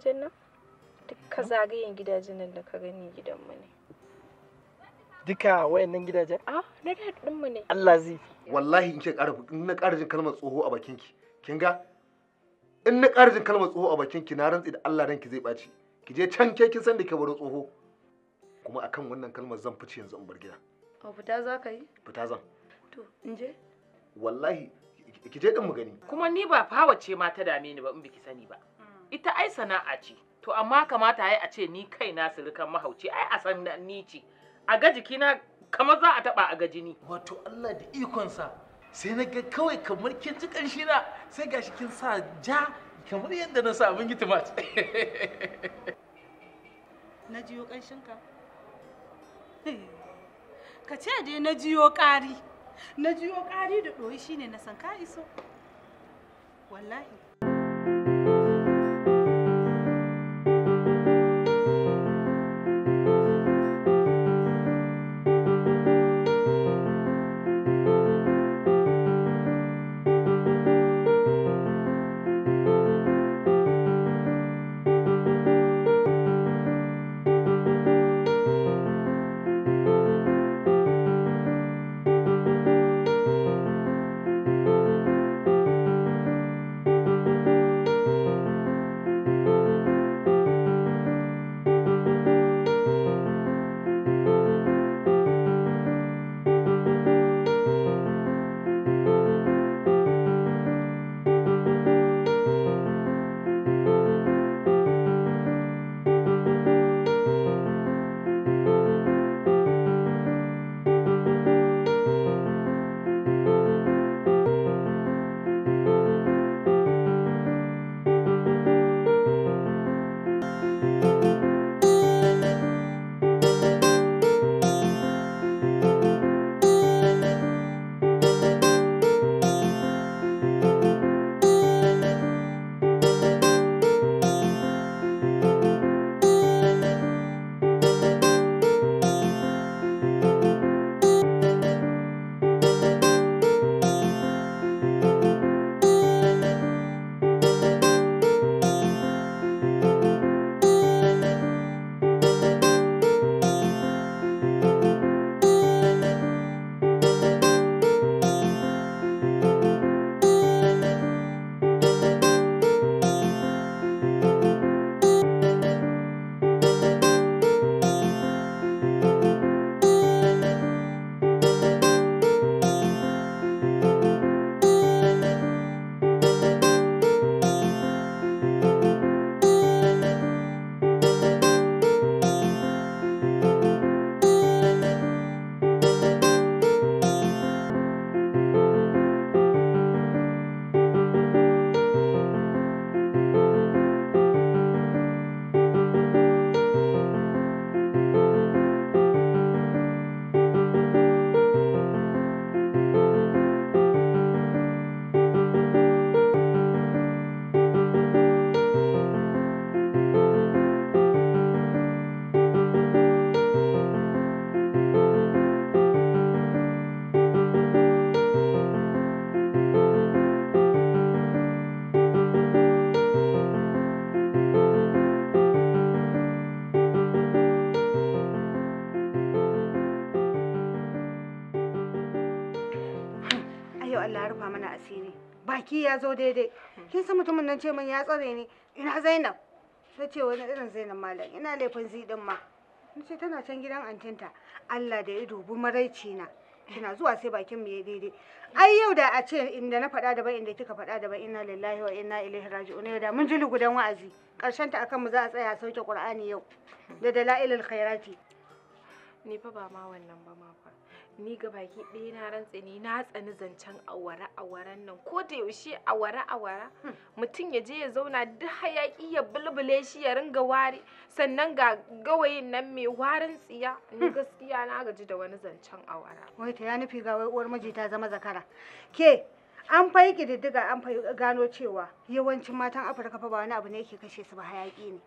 gidajen nan duka zagayen gidajen nan da ka gani mu ne duka wayannan gidajen ah na da mu ne Allah zai wallahi in ke ƙara in na ƙara jin kalmar tsoho a bakin ki kin ga in na ƙara jin kalmar tsoho a bakin ki na rantsi da Allah ranki zai ɓaci ki je can ke kin san da ke baro tsoho kuma akan wannan kalmar zan fice yanzu in bar gida a fita za ka yi fita zan to in je wallahi ki je din mu gani kuma ni ba fawace ma ta dame ni ba in biki sani ba ita ai sana'a ce to amma kamata ai a ce ni kaina sirikan mahauci ai a san ni ce a ga jikina kamar za a taba a ga jini wato Allah da ikonsa sai na ga kawai kamar kin ji kanshi na sai gashi kin sa ja kamar yadda na sa abin tumat na jiyo kanshinka ka ce dai na jiyo ƙari na jiyo ƙari da ɗoyi shine na san ka iso wallahi biki ya zo daidai kin san mutumin nan ce min ya tsare ni ina zainab ta ce wani irin zainab malam ina laifin zidin ma ni ce tana can gidan antinta allah da ya dubi maraici na kina zuwa sai bakin mu ya daidai ai yau da a ce inda na faɗa daban inda kika faɗa daban inna lillahi wa inna ilaihi raji'un yau da mun ji lugudan wa'azi karshen ta akan mu za a tsaya sauke qur'ani yau da dalailul khairati ni fa ba ma wannan ba ma fa ni ga baki ɗaya na rantse ni na tsani zancen awara awaran nan ko da yaushe awara awara mutum ya je ya zauna duk hayaki ya bulbule shi ya ringa wari sannan ga gawayin nan mai warin tsiya ni gaskiya na gaji da wani zancen awara wai ta ya nufi ga wai uwar miji ta zama zakara ke an fai kididdiga an fa gano cewa yawancin matan afirka fa ba wani abu ne yake kashe su ba hayaki ne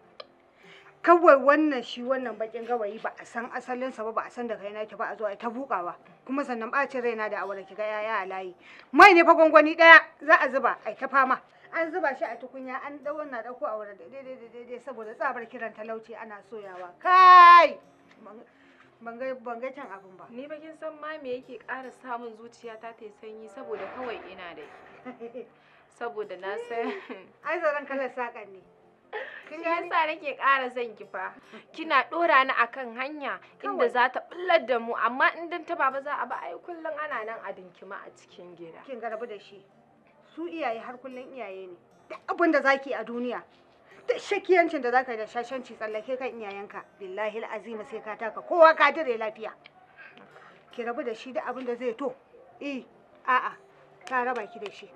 kawai wannan shi wannan bakin gawayi ba a san asalinsa ba ba a san daga yana ki ba a zo a ta bukawa kuma sannan bacin raina da awara ki ga yaya a layi mai ne fa gwangwani daya za a zuba a ta fama an zuba shi a tukunya an dau wannan dauko awara da daidai daidai saboda tsabar kiran talauci ana soyawa kai ban ga ban ga can abin ba ni bakin san ma me yake ƙara samun zuciya ta sanyi saboda kawai ina da saboda na san ai zaran kalar sakan ne shi sa nake ƙara zan ki fa kina dora ni akan hanya inda za ta bullar da mu amma in dan ta baba za a ba ai kullun ana nan a dinkima a cikin gida kin garabu da shi su iyaye har kullun iyaye ne duk abin da zaki a duniya duk shakiyancin da zaka da shashanci tsallake kan iyayenka billahi alazim sai ka taka kowa ka dire lafiya ki rabu da shi duk abin da zai to eh a'a ka raba ki da shi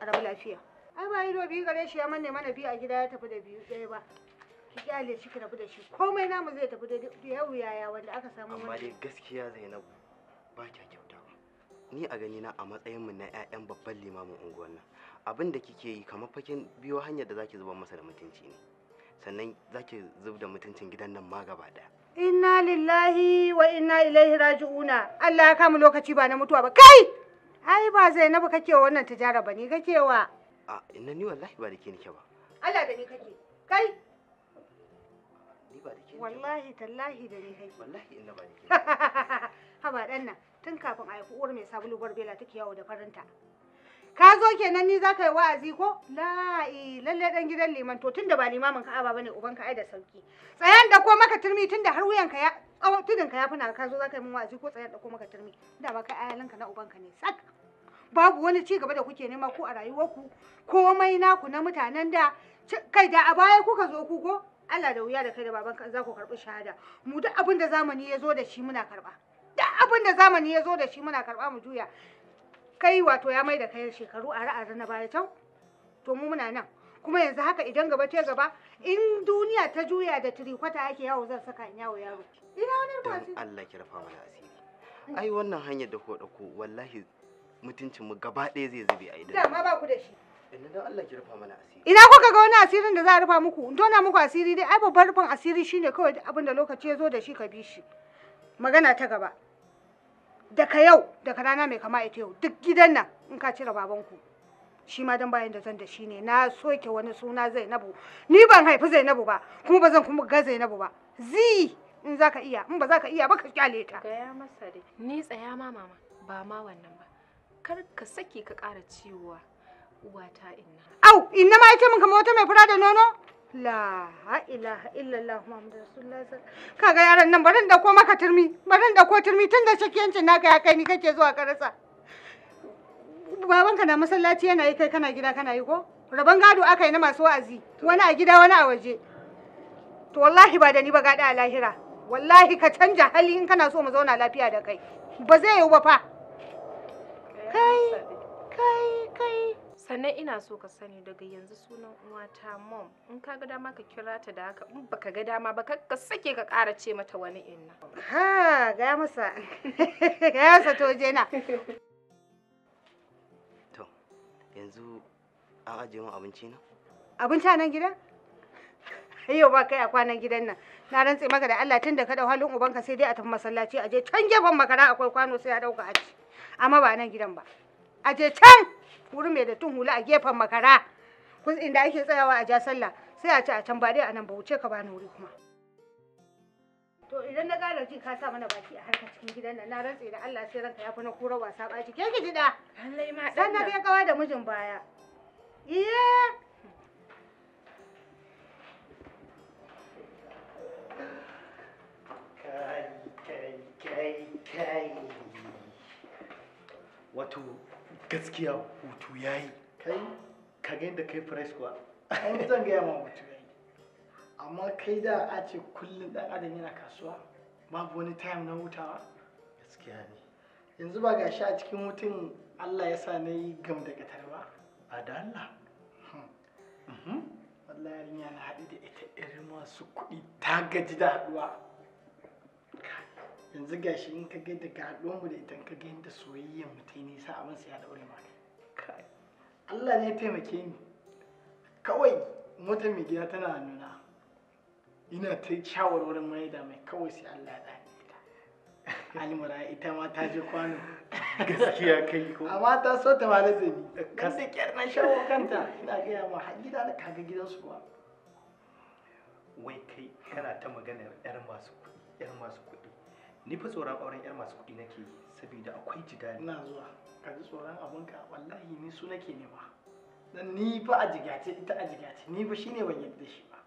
a rabu lafiya ai ba ido biyu gare shi ya manne mana biyu a gida ya tafi da biyu ɗaya ba ki kyale shi ki rabu da shi komai namu zai tafi da yau yaya wanda aka samu amma dai gaskiya Zainabu ba kya ba. ni a gani na a matsayin mu na ƴaƴan babban limamin unguwar nan abin da kike yi kamar fakin biyo hanyar da zaki zuba masa da mutunci ne sannan zaki zub da mutuncin gidan nan ma gaba daya inna lillahi wa inna ilaihi raji'una Allah ya kama lokaci ba na mutuwa ba kai ai ba Zainabu kake wannan tijara ba ni kake wa a ina ni wallahi ba da ke ba Allah da ni kake kai ni ba da ke wallahi tallahi da ni kai. wallahi ina ba da ke haba dan nan tun kafin a yi uwar mai sabulu barbela take yawo da farinta ka zo kenan ni zaka yi wa'azi ko la lalle dan gidan liman to tunda ba limamin ka'aba bane uban ka ai da sauki tsayan da ko maka turmi tunda har wuyanka ka ya tudin ka ya fina ka zo zaka yi min wa'azi ko tsayan da ko maka turmi da ba kai ayalanka na ubanka ne sak babu wani ci gaba da kuke nema ku a rayuwarku komai naku na mutanen da kai da a baya kuka zo ku ko Allah da wuya da kai da baban za ku karɓi shahada mu duk abin da zamani ya zo da shi muna karɓa duk abin da zamani ya zo da shi muna karɓa mu juya kai wato ya mai da kai shekaru a ra'ar na baya can to mu muna nan kuma yanzu haka idan gaba ta gaba in duniya ta juya da tirikwata ake yawo zan saka in yawo yaro ina wani rubutu Allah ki rafa mana asiri ai wannan hanyar da ko dauko wallahi mutuncin mu gaba ɗaya zai zube a idan dama ba ku da shi Inna don Allah ki rufa mana asiri. Ina kuka ga wani asirin da za a rufa muku? in Tona muku asiri dai ai babban rufin asiri shine kawai abin da lokaci ya zo da shi ka bi shi. Magana ta gaba. Daga yau, daga rana mai kama ita yau, duk gidan nan in ka cire babanku. Shi ma dan bayan da zan da shi ne, na soke wani suna Zainabu. Ni ban haifi Zainabu ba, kuma ba zan kuma ga Zainabu ba. Zi in za ka iya, in ba za ka iya ba ka kyale ta. Gaya masa dai, ni tsaya ma mama, ba ma wannan ba. kar ka sake ka ƙara ciwowa uwata inna au inna ma ita mun kamar wata mai fura da nono la ilaha illallah muhammadu rasulullah kaga yaran nan barin da ko maka turmi barin da ko turmi tunda da shakiyancin naka ya kai ni kake zuwa ka rasa babanka na masallaci yana yi kai kana gida kana yi ko rabon gado aka yi na masu wa'azi wani a gida wani a waje to wallahi ba da ni ba gada a lahira wallahi ka canja hali in kana so mu zauna lafiya da kai ba zai yiwu ba fa kai kai kai sannan ina so ka sani daga yanzu sunan uwata mom in ka ga dama ka kira ta da haka in baka ga dama ba ka sake ka ƙara ce mata wani inna ha ga masa ga masa to jena to yanzu an ajiye mu abinci na abinci a nan gidan ayyo ba kai a kwanan gidan nan na rantse maka da Allah tun da ka dau halin ubanka sai dai a tafi masallaci aje can gefen makara akwai kwano sai ya dauka a ci amma ba nan gidan ba a je can wuri mai da tun hula a gefen makara kun inda ake tsayawa a ja sallah sai a ce a can ba dai a nan ba wuce ka bani wuri kuma to idan na gane ji ka sa mana baki a harkar cikin gidan nan na rantse da Allah sai ranka ya fi na kura wasa baci ke ki ji da lallai ma dan na bai kawa da mijin baya iye kai kai kai kai wato gaskiya hutu ya yi kai ka ga yadda kai fresh kuwa an zan gaya ma hutu ya yi amma kai da a ce kullum dan adam yana kasuwa babu wani time na hutawa gaskiya ne yanzu ba gashi sha cikin hutun Allah ya sa na yi gam da gatar ba a da Allah hmm. mhm. wallahi yarinya na haɗu da ita irin masu kuɗi ta gaji da haɗuwa yanzu gashi in ka ga daga haɗuwar mu da ita ka ga yadda soyayyar mu ta yi nisa abin sai ya daure ma kai Allah ne ya taimake ni kawai mota mai gida tana nuna ina ta shawarwarin mai da mai kawai sai Allah ya da almura ita ma ta je kwano gaskiya kai ko amma ta so ta ma da kan da kyar na shawo kanta ina gaya ma har gida na kaga gidansu ba wai kai kana ta maganar yar masu kuɗi yar masu kuɗi ni fa tsoron auren yar masu kuɗi nake saboda akwai jidali ina zuwa ka ji tsoron abinka wallahi ni su nake nema dan ni fa a jigace ita a jigace ni fa shine ban yadda shi ba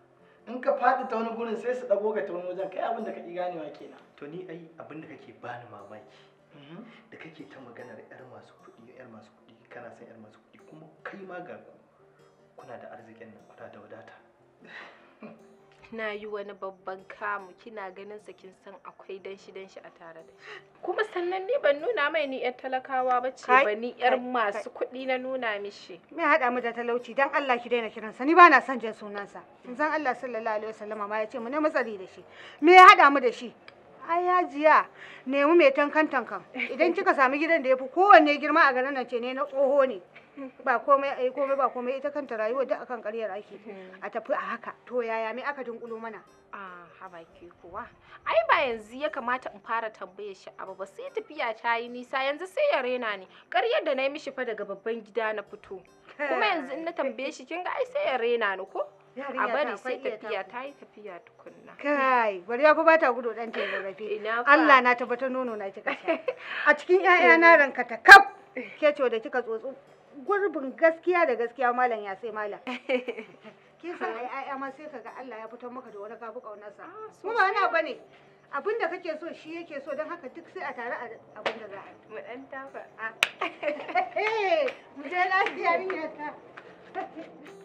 in ka faɗi ta wani gurin sai su dago ka ta wani wajen kai abin da ka gane ganewa kenan to ni ai abin da kake bani mamaki mhm. da kake ta maganar yar masu kuɗi yar masu kuɗi kana san yar masu kuɗi kuma kai ma ga ku kuna da arzikin nan kuna da wadata na yi wani babban kamu kina ganin sa kin san akwai danshi danshi a tare da kuma sannan ni ban nuna mai ni yar talakawa ba ce ba ni yar masu kuɗi na nuna mishi me haɗa mu da talauci dan Allah ki daina kiransa ni ba na son jin sunansa san Allah sallallahu alaihi wasallam ma ya ce mu ne matsari da shi me ya haɗa mu da shi ai yajiya nemi mai tankan tankan idan kika sami gidan da ya fi kowanne girma a garin nan ce ne na tsoho ne ba komai ai eh, komai ba komai ita kanta rayuwa duk akan ƙaryar ake a tafi a haka to yaya me aka dunkulo mana a habaki kuwa ai ba yanzu ya kamata in fara tambayar shi abu ba sai tafiya ta yi nisa yanzu sai ya rena ni ƙaryar da na yi mishi fa daga babban gida na fito kuma yanzu in na tambaye shi kin ga ai sai ya rena ni ko a bari sai tafiya ta yi tafiya tukunna. Kai, bari ya ba ta gudu dan ɗan taimakafe. Allah na tabbata nono na kika A cikin 'ya'yana ranka ta kaf. Ke ce da kika tsotso gurbin gaskiya da gaskiya malam ya sai malam Ke san ai ai amma sai kaga Allah ya fitar maka da wani kaunar sa ah, mu ba na bane abin da kake so shi yake so don haka duk sai a tare a abin da za a mu dan tafa a ah. mu je lafiya ne ta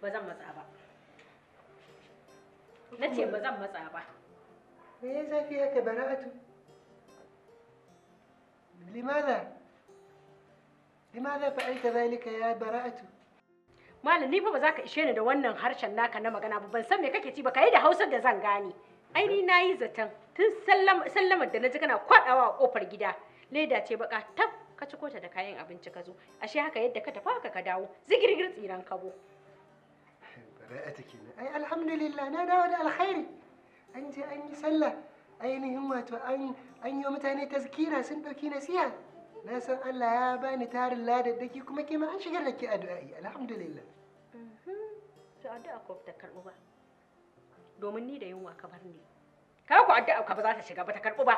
ba zan matsa ba na ce ba zan matsa ba me ya zafi ya ka bara'atu limana limana aika zalika ya bara'atu malam ni fa ba za ka ishe ni da wannan harshen naka na magana ba ban san me kake ci ba kai da hausar da zan gane ai ni na yi zaton tun sallamar da na ji kana kwaɗawa a ƙofar gida leda ce baka tab ka ciko ta da kayan abinci ka zo ashe haka yadda ka tafi haka ka dawo zigirgir tsiran kabo ra'ata alhamdulillah na dawo da alkhairi an je an yi sallah ainihin wato an mutane tazkira sun ɗauki nasiha na san Allah ya bani tarin ladaddaki kuma kima an shigar da ke addu'a'i alhamdulillah ka bar za ta shiga ba ta ba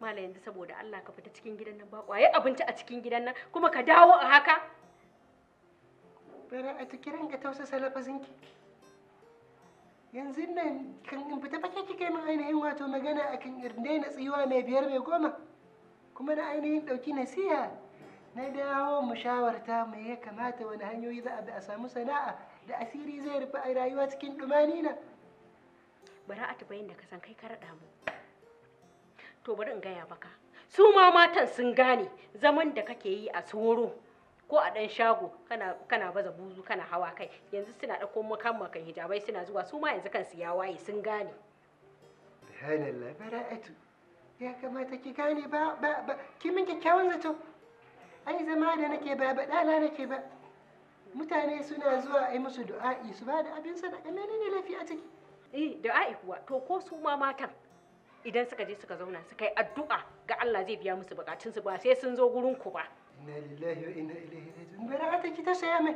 mala yanzu saboda Allah ka fita cikin gidan nan ba kwaye abinci a cikin gidan nan kuma ka dawo a haka bara a ka tausa tausasa zinki. yanzu nan kan in fita fake kike min ainihin wato magana akan irne na tsiwa mai biyar mai goma kuma na ainihin dauki nasiha na dawo mu shawarta mai ya kamata wani hanyoyi za a bi a samu sana'a da asiri zai rufe a rayuwa cikin dumani na bara a tabayin da ka san kai ka raɗa mu to bari in gaya baka su ma matan sun gane zaman da kake yi a tsoro ko a ɗan shago kana kana baza buzu kana hawa kai yanzu suna ɗauko makan makan hijabai suna zuwa su ma yanzu kansu ya waye sun gane subhanallah bara'atu ya kamata ki gane ba ba ba ki min kyakkyawan zato ai zama da nake ba ba dala nake ba mutane suna zuwa ai musu du'a'i su ba da abin sadaka menene lafiya ciki eh du'a'i kuwa to ko su ma matan idan suka je suka zauna suka yi addu'a ga Allah zai biya musu bukatunsu ba sai sun zo gurin ku ba inna lillahi wa inna ilaihi raji'un Bari ta ki ta saya mai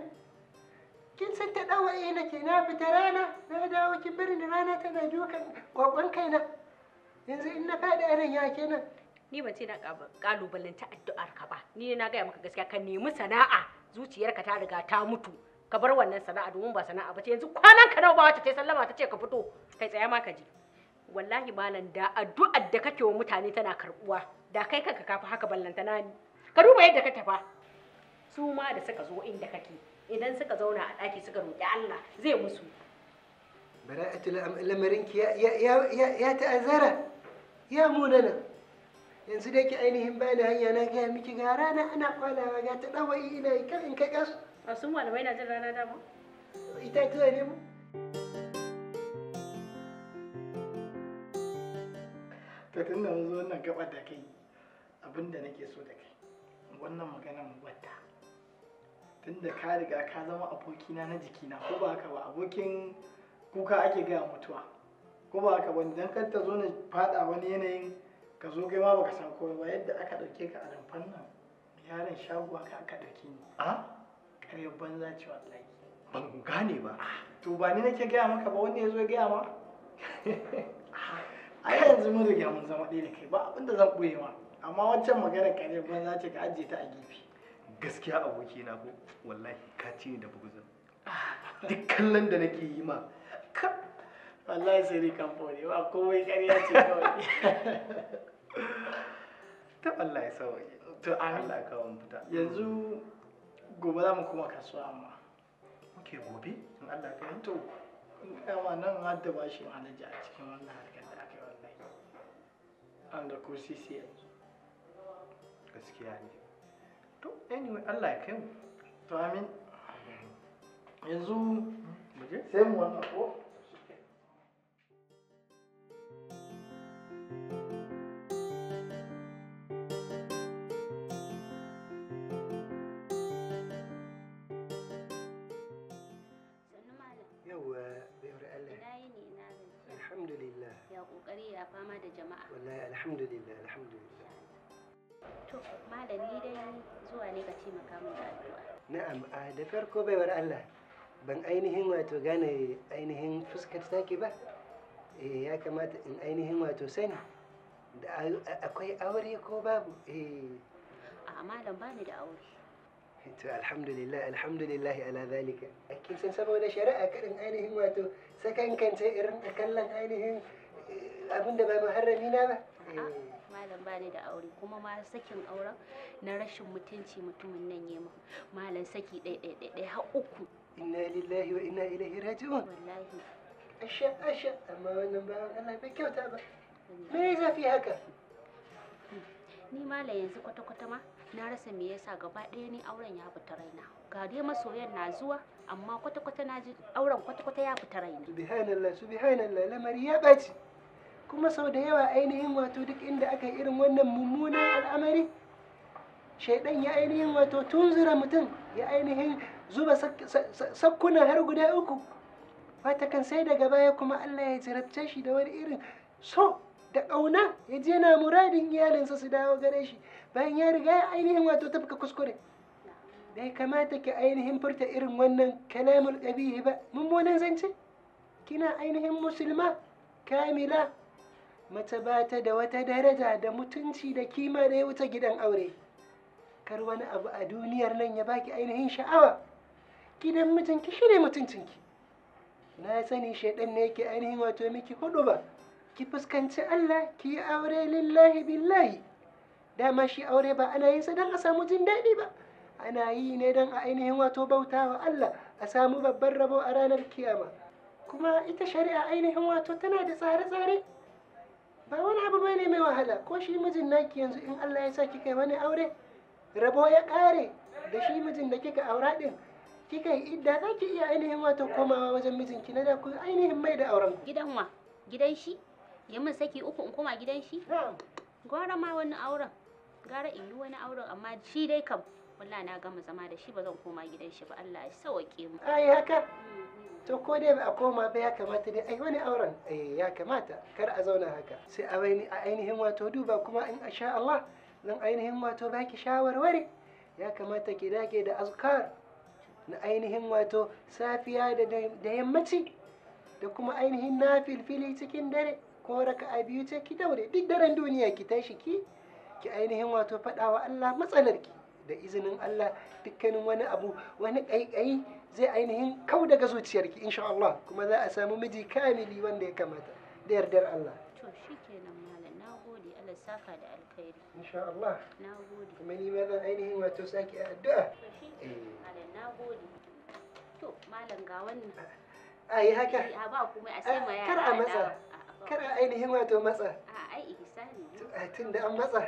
kin san ta eh na ke na fita rana na dawo kin bari da rana tana dukan kwakwan kaina yanzu in na faɗi aran ya kenan ni ban ce na kalubalanta addu'ar ka ba ni na gaya maka gaskiya ka nemi sana'a zuciyarka ta riga ta mutu ka bar wannan sana'a domin ba sana'a ba ce yanzu kwanan ka nawa ba wata ta sallama ta ce ka fito kai tsaya ma ka je wallahi malam da addu'ar da kake wa mutane tana karbuwa da kai kanka kafi haka ballantana ni ka duba yadda ka tafa su ma da suka zo inda kake idan suka zauna a ɗaki suka roƙi Allah zai musu bara'atul lamarinki ya ya ya ya ta'azzara ya munana yanzu dai ki ainihin bani hanya na ga miki ga rana ana kwalawa ga ta ɗawayi ina kai in kai kasu a sun malamai na jin rana dama ita ta ne mu to tunda da zo wannan gaba da kai abin da nake so da kai wannan magana mu wata. Tunda ka riga ka zama abokina na jikina ko ba ka ba abokin kuka ake gaya mutuwa ko ba ka ba idan ka ta zo na fada wani yanayin ka zo kai ma baka san komai ba yadda aka dauke ka a rumfan nan yaran shago aka aka dauke ni a kare banza ce wallahi ban gane ba to ba ni nake gaya maka ba wanda ya zo ya gaya ma a yanzu mun riga mun zama ɗaya da kai ba abinda zan ɓoye ma amma wancan magana kare ban za ce ka ajiye ta a gefe gaskiya aboki na ko wallahi ka ci da buguzin duk kallon da nake yi ma wallahi sai ni kan fore ba komai ƙarya ce kawai ta Allah ya sawa to Allah ya wani fita yanzu gobe za mu kuma kasuwa amma muke gobe in Allah ya yi to ma nan har da bashi ma na ji a cikin wannan harkar wanda ko sisi yanzu gaskiya ne to anyway Allah ya kai mu to amin yanzu hmm? sai mu wannan ko taimaka min da addu'a na'am a da farko baiwar Allah ban ainihin wato gane ainihin fuskar take ba eh ya kamata in ainihin wato sani da akwai aure ko babu eh a malam bani da aure to alhamdulillah alhamdulillah ala zalika kin san saboda shari'a karin ainihin wato sakankance irin a kallon ainihin eh, abinda ba muharrami na ba malam ni da aure kuma ma sakin auren na rashin mutunci mutumin nan ya mu malam saki ɗaya-ɗaya-ɗaya ɗai har uku inna lillahi wa inna ilaihi raji'un wallahi asha asha amma wannan ba Allah bai kyauta ba me ya zafi haka ni malam yanzu kwata-kwata ma na rasa me yasa gaba ɗaya ni auren ya fita raina ga dai masoyan na zuwa amma kwata-kwata na ji auren kwata-kwata ya fita raina subhanallah subhanallah lamari ya ɓaci kuma sau da yawa ainihin wato duk inda aka yi irin wannan mummunan al'amari shaidan ya ainihin wato tunzura mutum ya ainihin zuba sakkuna har guda uku kan sai daga baya kuma allah ya jarabce shi da wani irin so da ƙauna ya je na muradin iyalinsa su dawo gare shi bayan ya riga ya ainihin wato tafka kuskure bai kamata ki ainihin furta irin wannan kalamul ƙabihi ba mummunan zance kina ainihin musulma kamila mace ba ta da wata daraja da mutunci da kima da ya wuce gidan aure kar wani abu a duniyar nan ya baki ainihin sha'awa gidan mijinki shi ne mutuncinki na sani shaidan ne yake ainihin wato miki hudu ba ki fuskanci Allah ki yi aure lillahi billahi dama shi aure ba ana yin sa don a samu jin daɗi ba ana yi ne don a ainihin wato bauta wa Allah a samu babban rabo a ranar kiyama kuma ita shari'a ainihin wato tana da tsare-tsare ba wani abu bane mai wahala ko shi mijin naki yanzu in Allah ya sa kika wani aure rabo ya kare da shi mijin da kika aura din kika yi idda za ki iya ainihin wato komawa wajen ki na da ku ainihin mai da auren gidan wa gidan shi ya min saki uku in koma gidan shi gora ma wani auren gara in yi wani auren amma shi dai kam wallahi na gama zama da shi ba zan koma gidan shi ba Allah ya sauke mu ai haka mm. to ko dai ba a koma ba ya kamata dai ai wani auren eh, ya kamata kar a zauna haka sai a ainihin wato duba kuma in sha Allah zan ainihin wato baki shawarwari ya kamata ki dake da azkar na ainihin wato safiya da da yammaci da kuma ainihin na fili cikin dare ko raka a biyu ce ki daure duk daren duniya ki tashi ki ki ainihin wato faɗawa Allah matsalar ki. da izinin Allah dukkanin wani abu wani ƙaiƙayi zai ainihin kau daga zuciyarki insha Allah kuma za a samu miji kamili wanda ya kamata da yardar Allah to shikenan malam nagode Allah saka da alkhairi insha Allah nagode kuma ni ma zan ainihin wato saki a addu'a to shikenan malam to malam ga wannan ai haka a ba kuma a sai ma yara kar a matsa kar a ainihin wato matsa ai ihsani ne eh, tun da an matsa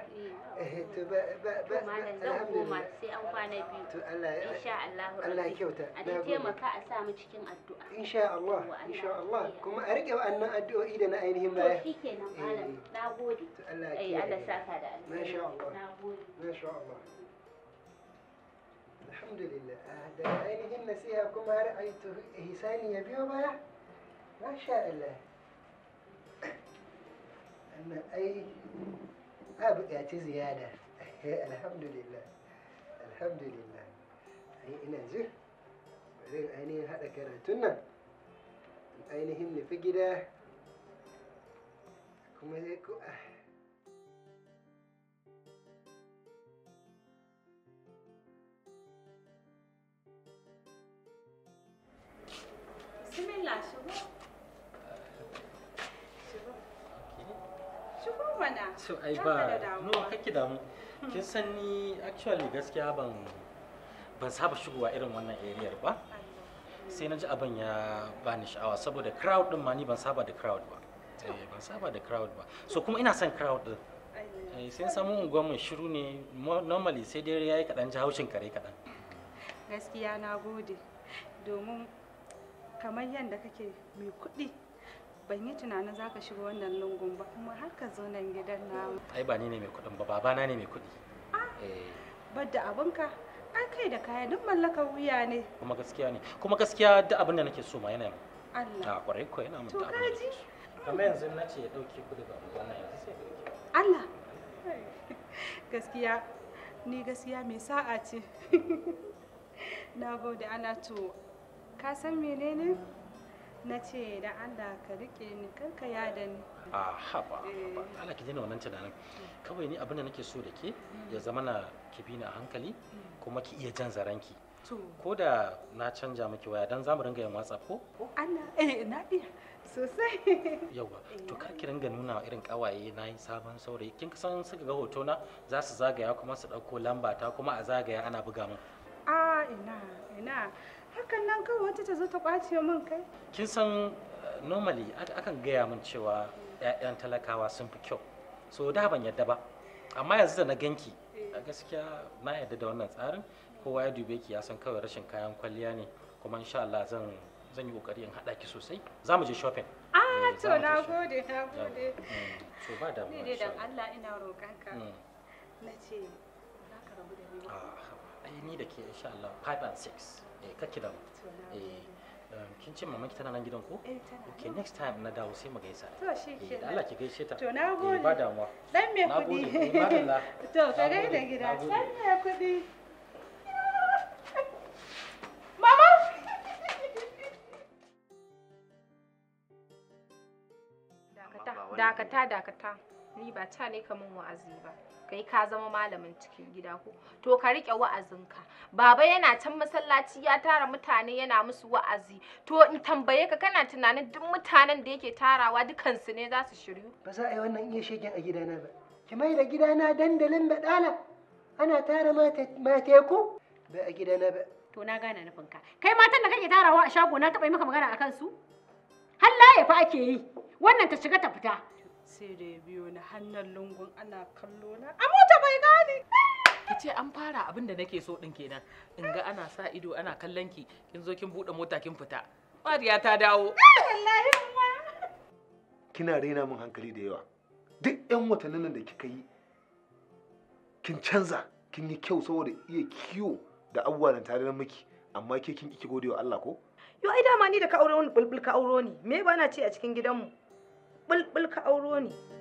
eh, eh to ba ba ba alhamdulillah sai an kwana biyu to Allah ya insha Allah Allah ya kyauta a dai taimaka a sa mu cikin addu'a insha Allah insha Allah eh, kuma a rike wa'annan addu'o'i da na ainihin baya to shikenan malam nagode to Allah ya Allah saka da alheri masha Allah nagode masha Allah alhamdulillah ah, da ainihin nasiha kuma har ihsani ya biyo baya masha Allah wannan ai a buƙaci ziyara eh, alhamdulillah alhamdulillah ai ina jin zan ainihin haɗa karatun nan ainihin nufi gida kuma zai ko ah, so ai ba no kake damu kin san ni actually gaskiya ban ban saba shigowa irin wannan area ba sai na ji abin ya bani sha'awa saboda crowd din ma ni ban saba da crowd ba eh, ban saba da crowd ba so kuma ina son crowd din eh, sai samu unguwar shiru ne normally sai dai yayi kadan ji haushin kare kadan gaskiya na gode domin kamar yadda kake mai kuɗi ban yi tunanin za ka shiga wannan lungun ba kuma har ka zo nan gidan namu ai ba ni ne mai kuɗin ba babana ne mai kuɗi ah, eh. da abinka ai kai da kaya duk mallakar wuya ne kuma gaskiya ne kuma gaskiya duk abin da nake so ma yana yi Allah a ah, kwarai ko yana mun ta abin da kamar yanzu na ce ya dauke ba ba, wannan yanzu sai dauke Allah gaskiya ni gaskiya mai sa'a ce na gode ana to ka san menene na ce da Allah ka rike ni karka ya da ni a haba Allah eh. ki daina wannan tunanin kawai ni abin da nake so da ke ya mm. zama na ki bi a hankali mm. kuma ki iya jan zaranki ko da na canja miki waya dan zamu ringa yin WhatsApp ko Allah eh na iya sosai yawa eh, to kar ki ringa nuna irin kawaye na yi sabon saurayi kin san suka ga hoto na za su zagaya kuma su dauko lamba ta kuma a zagaya ana buga min a ah, ina ina hakan nan kawai wata ta zo ta kwace min kai kin san eh, normally akan gaya min cewa 'ya'yan talakawa sun fi kyau so da ban yadda ba amma yanzu da na ganki a gaskiya na yadda da wannan tsarin kowa ya dube ki ya san kawai rashin kayan kwalliya ne kuma insha Allah zan zan yi kokari in haɗa ki sosai za mu je shopping ah eh, to na gode na gode mm, to ba da ni dan Allah ina roƙan ka mm. na ce za ka rabu da ni ah, ai ni da ke insha Allah 5 and 6 eh kake da eh, um, ce mamaki tana nan gidan ko? Eh tana. next time na dawo sai mu gaisa. To shi ke. Eh, da Allah ki gaishe ta. To na eh, gode. Ba damuwa. Dan me kudi. Na To ka gaida gida. Dan me kudi. Mama. Dakata, dakata, dakata. riba ta ne kaman wa'azi ba kai ka zama malamin cikin gida ko to ka rike wa'azinka baba yana can masallaci ya tara mutane yana musu wa'azi to in tambaye ka kana tunanin duk mutanen da yake tarawa dukansu ne za su shiryu ba za a yi wannan iya shegen a gidana ba ki mai da gidana dandalin baɗala ana tara mateku ba a gidana ba to na gane nufinka kai matan da kake tarawa a shago na taɓa yi maka magana a kansu har laye fa ake yi wannan ta shiga ta fita sai da biyo hannun lungun ana kallo na a mota bai gani ki ce an fara abin da nake so din kenan in ga ana sa ido ana kallon ki kin zo kin bude mota kin fita fariya ta dawo wallahi kina raina min hankali da yawa duk yan watannin da kika yi kin canza kin yi kyau saboda iya kiwo da abubuwa da tare da miki amma ke kin gode wa Allah ko yo ai dama ni da ka aure wani bulbul ka auro ni me ba na ce a cikin gidanmu bulbul ka auro ne